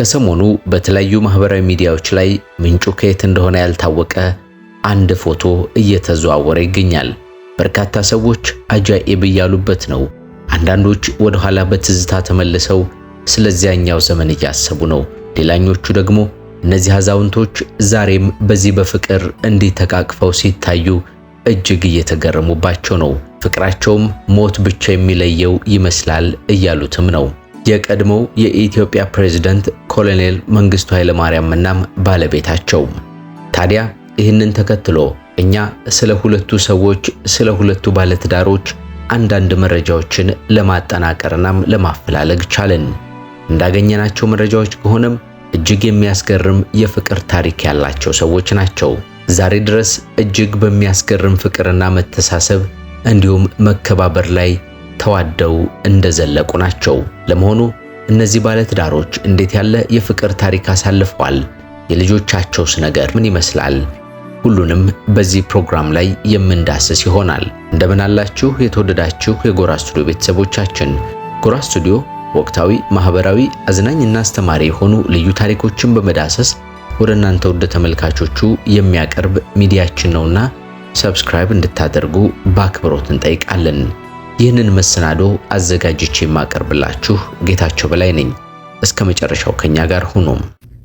ከሰሞኑ በተለያዩ ማህበራዊ ሚዲያዎች ላይ ምንጩ ከየት እንደሆነ ያልታወቀ አንድ ፎቶ እየተዘዋወረ ይገኛል። በርካታ ሰዎች አጃኢብ እያሉበት ነው። አንዳንዶች ወደ ኋላ በትዝታ ተመልሰው ስለዚያኛው ዘመን እያሰቡ ነው። ሌላኞቹ ደግሞ እነዚህ አዛውንቶች ዛሬም በዚህ በፍቅር እንዲህ ተቃቅፈው ሲታዩ እጅግ እየተገረሙባቸው ነው። ፍቅራቸውም ሞት ብቻ የሚለየው ይመስላል እያሉትም ነው። የቀድሞው የኢትዮጵያ ፕሬዝዳንት ኮሎኔል መንግስቱ ኃይለማርያም እናም ባለቤታቸው። ታዲያ ይህንን ተከትሎ እኛ ስለ ሁለቱ ሰዎች ስለ ሁለቱ ባለትዳሮች አንዳንድ መረጃዎችን ለማጠናቀርናም ለማፈላለግ ቻለን። እንዳገኘናቸው መረጃዎች ከሆነም እጅግ የሚያስገርም የፍቅር ታሪክ ያላቸው ሰዎች ናቸው። ዛሬ ድረስ እጅግ በሚያስገርም ፍቅርና መተሳሰብ እንዲሁም መከባበር ላይ ተዋደው እንደዘለቁ ናቸው። ለመሆኑ እነዚህ ባለትዳሮች እንዴት ያለ የፍቅር ታሪክ አሳልፈዋል? የልጆቻቸውስ ነገር ምን ይመስላል? ሁሉንም በዚህ ፕሮግራም ላይ የምንዳስስ ይሆናል። እንደምን አላችሁ የተወደዳችሁ የጎራ ስቱዲዮ ቤተሰቦቻችን። ጎራ ስቱዲዮ ወቅታዊ፣ ማህበራዊ፣ አዝናኝና አስተማሪ የሆኑ ልዩ ታሪኮችን በመዳሰስ ወደ እናንተ ወደ ተመልካቾቹ የሚያቀርብ ሚዲያችን ነውና ሰብስክራይብ እንድታደርጉ በአክብሮት እንጠይቃለን። ይህንን መሰናዶ አዘጋጅቼ የማቀርብላችሁ ጌታቸው በላይ ነኝ። እስከ መጨረሻው ከኛ ጋር ሁኑም።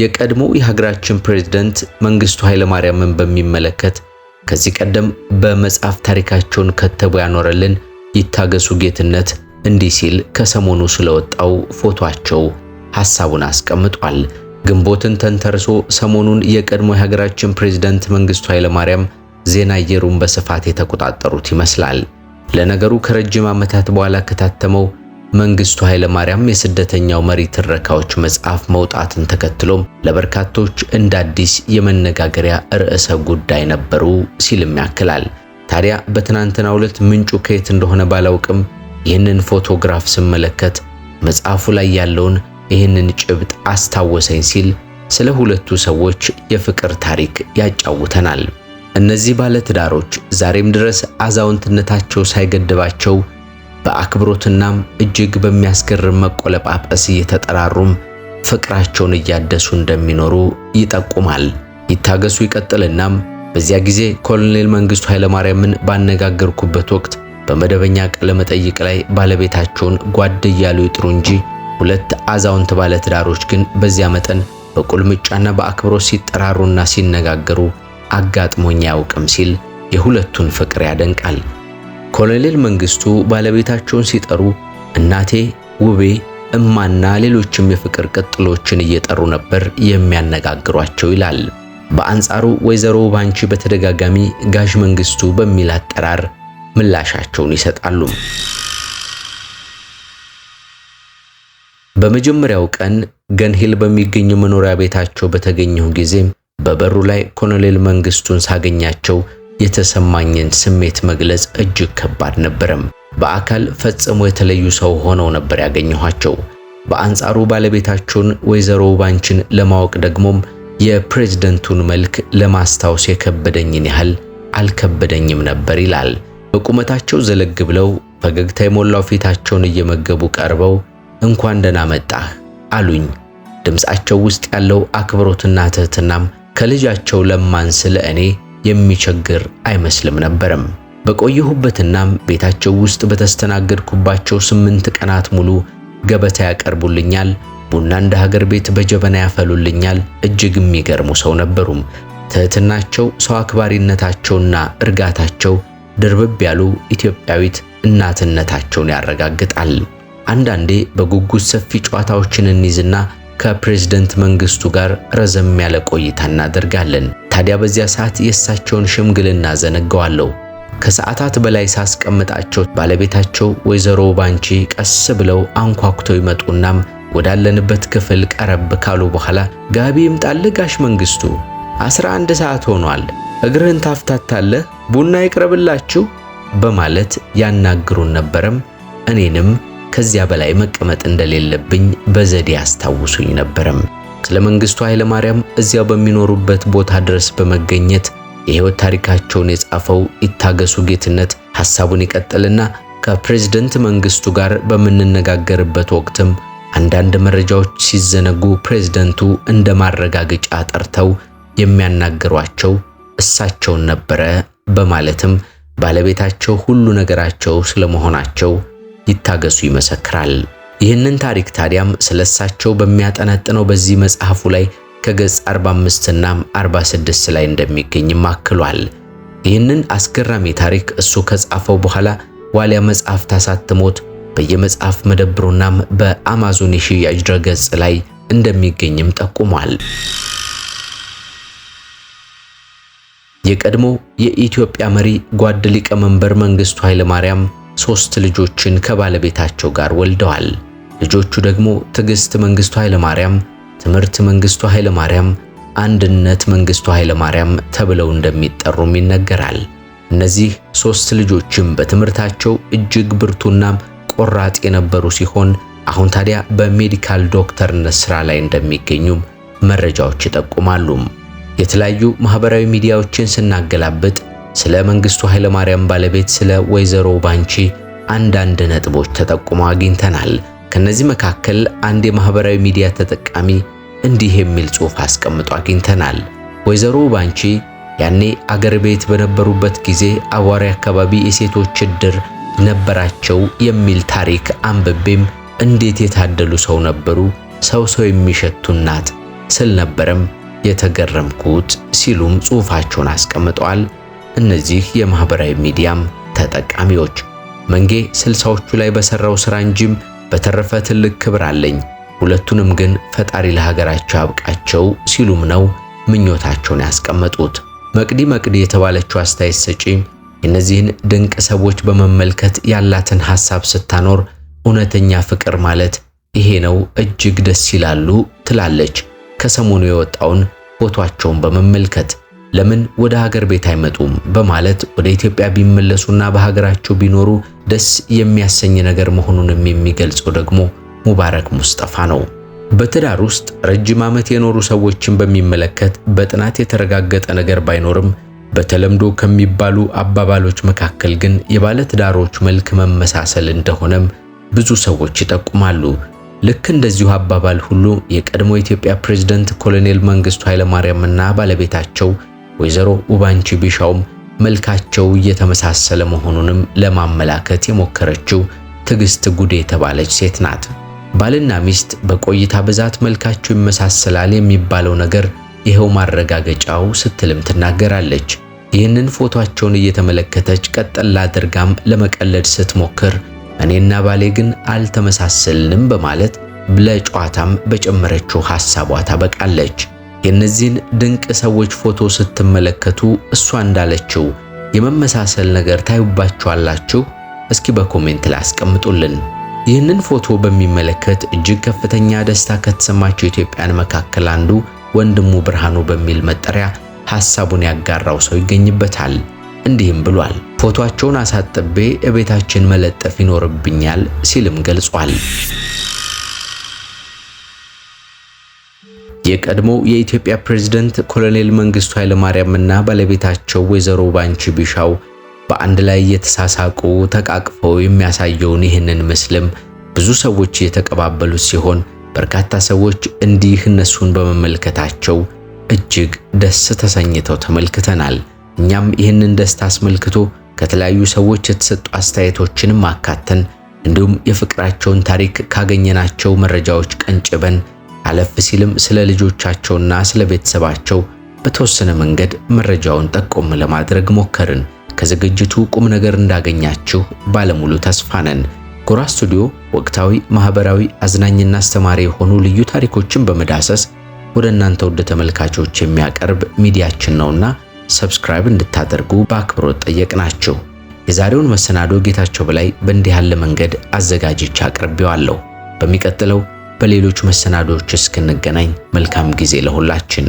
የቀድሞ የሀገራችን ፕሬዝደንት መንግስቱ ኃይለማርያምን በሚመለከት ከዚህ ቀደም በመጽሐፍ ታሪካቸውን ከተቡ ያኖረልን ይታገሱ ጌትነት እንዲህ ሲል ከሰሞኑ ስለወጣው ፎቶአቸው ሐሳቡን አስቀምጧል። ግንቦትን ተንተርሶ ሰሞኑን የቀድሞ የሀገራችን ፕሬዝደንት መንግስቱ ኃይለማርያም ዜና አየሩን በስፋት የተቆጣጠሩት ይመስላል። ለነገሩ ከረጅም ዓመታት በኋላ ከታተመው መንግስቱ ኃይለ ማርያም የስደተኛው መሪ ትረካዎች መጽሐፍ መውጣትን ተከትሎም ለበርካቶች እንደ አዲስ የመነጋገሪያ ርዕሰ ጉዳይ ነበሩ ሲልም ያክላል። ታዲያ በትናንትናው ዕለት ምንጩ ከየት እንደሆነ ባላውቅም ይህንን ፎቶግራፍ ስመለከት መጽሐፉ ላይ ያለውን ይህንን ጭብጥ አስታወሰኝ ሲል ስለ ሁለቱ ሰዎች የፍቅር ታሪክ ያጫውተናል። እነዚህ ባለትዳሮች ዛሬም ድረስ አዛውንትነታቸው ሳይገድባቸው በአክብሮትናም እጅግ በሚያስገርም መቆለጳጳስ እየተጠራሩም ፍቅራቸውን እያደሱ እንደሚኖሩ ይጠቁማል። ይታገሱ ይቀጥልናም በዚያ ጊዜ ኮሎኔል መንግስቱ ኃይለማርያምን ባነጋገርኩበት ወቅት በመደበኛ ቃለ መጠይቅ ላይ ባለቤታቸውን ጓድ እያሉ ይጥሩ እንጂ ሁለት አዛውንት ባለትዳሮች ግን በዚያ መጠን በቁልምጫና በአክብሮት ሲጠራሩና ሲነጋገሩ አጋጥሞኝ አያውቅም ሲል የሁለቱን ፍቅር ያደንቃል። ኮሎኔል መንግስቱ ባለቤታቸውን ሲጠሩ እናቴ፣ ውቤ፣ እማና ሌሎችም የፍቅር ቅጥሎችን እየጠሩ ነበር የሚያነጋግሯቸው ይላል። በአንጻሩ ወይዘሮ ባንቺ በተደጋጋሚ ጋሽ መንግስቱ በሚል አጠራር ምላሻቸውን ይሰጣሉ። በመጀመሪያው ቀን ገንሂል በሚገኝ መኖሪያ ቤታቸው በተገኘው ጊዜ በበሩ ላይ ኮሎኔል መንግስቱን ሳገኛቸው የተሰማኝን ስሜት መግለጽ እጅግ ከባድ ነበረም። በአካል ፈጽሞ የተለዩ ሰው ሆነው ነበር ያገኘኋቸው። በአንጻሩ ባለቤታቸውን ወይዘሮ ባንችን ለማወቅ ደግሞም የፕሬዝደንቱን መልክ ለማስታወስ የከበደኝን ያህል አልከበደኝም ነበር ይላል። በቁመታቸው ዘለግ ብለው ፈገግታ የሞላው ፊታቸውን እየመገቡ ቀርበው እንኳን ደህና መጣህ አሉኝ። ድምፃቸው ውስጥ ያለው አክብሮትና ትህትናም ከልጃቸው ለማንስ ለእኔ የሚቸግር አይመስልም ነበርም። በቆየሁበትናም ቤታቸው ውስጥ በተስተናገድኩባቸው ስምንት ቀናት ሙሉ ገበታ ያቀርቡልኛል፣ ቡና እንደ ሀገር ቤት በጀበና ያፈሉልኛል። እጅግ የሚገርሙ ሰው ነበሩም። ትህትናቸው፣ ሰው አክባሪነታቸውና እርጋታቸው ድርብብ ያሉ ኢትዮጵያዊት እናትነታቸውን ያረጋግጣል። አንዳንዴ በጉጉት ሰፊ ጨዋታዎችን እንይዝና ከፕሬዝደንት መንግስቱ ጋር ረዘም ያለ ቆይታ እናደርጋለን። ታዲያ በዚያ ሰዓት የእሳቸውን ሽምግልና ዘነገዋለሁ። ከሰዓታት በላይ ሳስቀምጣቸው ባለቤታቸው ወይዘሮ ባንቺ ቀስ ብለው አንኳኩተው ይመጡናም ወዳለንበት ክፍል ቀረብ ካሉ በኋላ ጋቢ ይምጣል ጋሽ መንግስቱ፣ አስራ አንድ ሰዓት ሆኗል፣ እግርህን ታፍታታለህ፣ ቡና ይቅረብላችሁ በማለት ያናግሩን ነበረም እኔንም ከዚያ በላይ መቀመጥ እንደሌለብኝ በዘዴ አስታውሱኝ ነበርም። ስለ መንግስቱ ኃይለማርያም እዚያ በሚኖሩበት ቦታ ድረስ በመገኘት የህይወት ታሪካቸውን የጻፈው ይታገሱ ጌትነት ሐሳቡን ይቀጥልና ከፕሬዝደንት መንግስቱ ጋር በምንነጋገርበት ወቅትም አንዳንድ መረጃዎች ሲዘነጉ ፕሬዝደንቱ እንደ ማረጋገጫ ጠርተው የሚያናግሯቸው እሳቸውን ነበረ በማለትም ባለቤታቸው ሁሉ ነገራቸው ስለመሆናቸው ይታገሱ ይመሰክራል። ይህንን ታሪክ ታዲያም ስለሳቸው በሚያጠነጥነው በዚህ መጽሐፉ ላይ ከገጽ 45 እና 46 ላይ እንደሚገኝም አክሏል። ይህንን አስገራሚ ታሪክ እሱ ከጻፈው በኋላ ዋልያ መጽሐፍ ታሳትሞት በየመጽሐፍ መደብሩናም በአማዞን የሽያጭ ድረገጽ ላይ እንደሚገኝም ጠቁሟል። የቀድሞ የኢትዮጵያ መሪ ጓድ ሊቀመንበር መንግስቱ ኃይለማርያም ሶስት ልጆችን ከባለቤታቸው ጋር ወልደዋል። ልጆቹ ደግሞ ትዕግስት መንግስቱ ኃይለ ማርያም ትምህርት መንግስቱ ኃይለ ማርያም አንድነት መንግስቱ ኃይለ ማርያም ተብለው እንደሚጠሩም ይነገራል። እነዚህ ሶስት ልጆችም በትምህርታቸው እጅግ ብርቱና ቆራጥ የነበሩ ሲሆን አሁን ታዲያ በሜዲካል ዶክተርነት ስራ ላይ እንደሚገኙም መረጃዎች ይጠቁማሉ። የተለያዩ ማህበራዊ ሚዲያዎችን ስናገላብጥ ስለ መንግስቱ ኃይለማርያም ባለቤት ስለ ወይዘሮ ባንቺ አንዳንድ ነጥቦች ተጠቁሞ አግኝተናል። ከነዚህ መካከል አንድ የማህበራዊ ሚዲያ ተጠቃሚ እንዲህ የሚል ጽሑፍ አስቀምጦ አግኝተናል። ወይዘሮ ባንቺ ያኔ አገር ቤት በነበሩበት ጊዜ አዋሪ አካባቢ የሴቶች እድር ነበራቸው የሚል ታሪክ አንብቤም እንዴት የታደሉ ሰው ነበሩ፣ ሰው ሰው የሚሸቱ እናት ስል ነበረም የተገረምኩት ሲሉም ጽሑፋቸውን አስቀምጠዋል። እነዚህ የማህበራዊ ሚዲያም ተጠቃሚዎች መንጌ ስልሳዎቹ ላይ በሰራው ስራ እንጂም በተረፈ ትልቅ ክብር አለኝ። ሁለቱንም ግን ፈጣሪ ለሀገራቸው ያብቃቸው ሲሉም ነው ምኞታቸውን ያስቀመጡት። መቅዲ መቅዲ የተባለችው አስተያየት ሰጪ እነዚህን ድንቅ ሰዎች በመመልከት ያላትን ሐሳብ ስታኖር እውነተኛ ፍቅር ማለት ይሄ ነው፣ እጅግ ደስ ይላሉ ትላለች። ከሰሞኑ የወጣውን ፎቶአቸውን በመመልከት ለምን ወደ ሀገር ቤት አይመጡም በማለት ወደ ኢትዮጵያ ቢመለሱና በሀገራቸው ቢኖሩ ደስ የሚያሰኝ ነገር መሆኑንም የሚገልጸው ደግሞ ሙባረክ ሙስጠፋ ነው። በትዳር ውስጥ ረጅም ዓመት የኖሩ ሰዎችን በሚመለከት በጥናት የተረጋገጠ ነገር ባይኖርም በተለምዶ ከሚባሉ አባባሎች መካከል ግን የባለ ትዳሮች መልክ መመሳሰል እንደሆነም ብዙ ሰዎች ይጠቁማሉ። ልክ እንደዚሁ አባባል ሁሉ የቀድሞ የኢትዮጵያ ፕሬዝደንት ኮሎኔል መንግስቱ ኃይለማርያምና ባለቤታቸው ወይዘሮ ኡባንቺ ቢሻውም መልካቸው እየተመሳሰለ መሆኑንም ለማመላከት የሞከረችው ትዕግስት ጉዴ የተባለች ሴት ናት። ባልና ሚስት በቆይታ ብዛት መልካቸው ይመሳሰላል የሚባለው ነገር ይኸው ማረጋገጫው ስትልም ትናገራለች። ይህንን ፎቶአቸውን እየተመለከተች ቀጠላ አድርጋም ለመቀለድ ስትሞክር እኔና ባሌ ግን አልተመሳሰልንም በማለት ለጨዋታም በጨመረችው ሐሳቧ ታበቃለች። የእነዚህን ድንቅ ሰዎች ፎቶ ስትመለከቱ እሷ እንዳለችው የመመሳሰል ነገር ታዩባችኋላችሁ? እስኪ በኮሜንት ላይ አስቀምጡልን። ይህንን ፎቶ በሚመለከት እጅግ ከፍተኛ ደስታ ከተሰማቸው ኢትዮጵያን መካከል አንዱ ወንድሙ ብርሃኑ በሚል መጠሪያ ሐሳቡን ያጋራው ሰው ይገኝበታል። እንዲህም ብሏል። ፎቶአቸውን አሳጥቤ እቤታችን መለጠፍ ይኖርብኛል ሲልም ገልጿል። የቀድሞ የኢትዮጵያ ፕሬዝደንት ኮሎኔል መንግስቱ እና ባለቤታቸው ወይዘሮ ባንቺ ቢሻው በአንድ ላይ የተሳሳቁ ተቃቅፈው የሚያሳየውን ይህንን ምስልም ብዙ ሰዎች የተቀባበሉት ሲሆን በርካታ ሰዎች እንዲህ እነሱን በመመልከታቸው እጅግ ደስ ተሰኝተው ተመልክተናል። እኛም ይህንን ደስታ አስመልክቶ ከተለያዩ ሰዎች የተሰጡ አስተያየቶችንም አካተን እንዲሁም የፍቅራቸውን ታሪክ ካገኘናቸው መረጃዎች ቀንጭበን አለፍ ሲልም ስለ ልጆቻቸውና ስለ ቤተሰባቸው በተወሰነ መንገድ መረጃውን ጠቆም ለማድረግ ሞከርን። ከዝግጅቱ ቁም ነገር እንዳገኛችሁ ባለሙሉ ተስፋ ነን። ጎራ ስቱዲዮ ወቅታዊ፣ ማህበራዊ፣ አዝናኝና አስተማሪ የሆኑ ልዩ ታሪኮችን በመዳሰስ ወደ እናንተ ወደ ተመልካቾች የሚያቀርብ ሚዲያችን ነውና ሰብስክራይብ እንድታደርጉ በአክብሮት ጠየቅናችሁ። የዛሬውን መሰናዶ ጌታቸው በላይ በእንዲህ ያለ መንገድ አዘጋጅቼ አቅርቤዋለሁ። በሚቀጥለው በሌሎች መሰናዶዎች እስክንገናኝ መልካም ጊዜ ለሁላችን።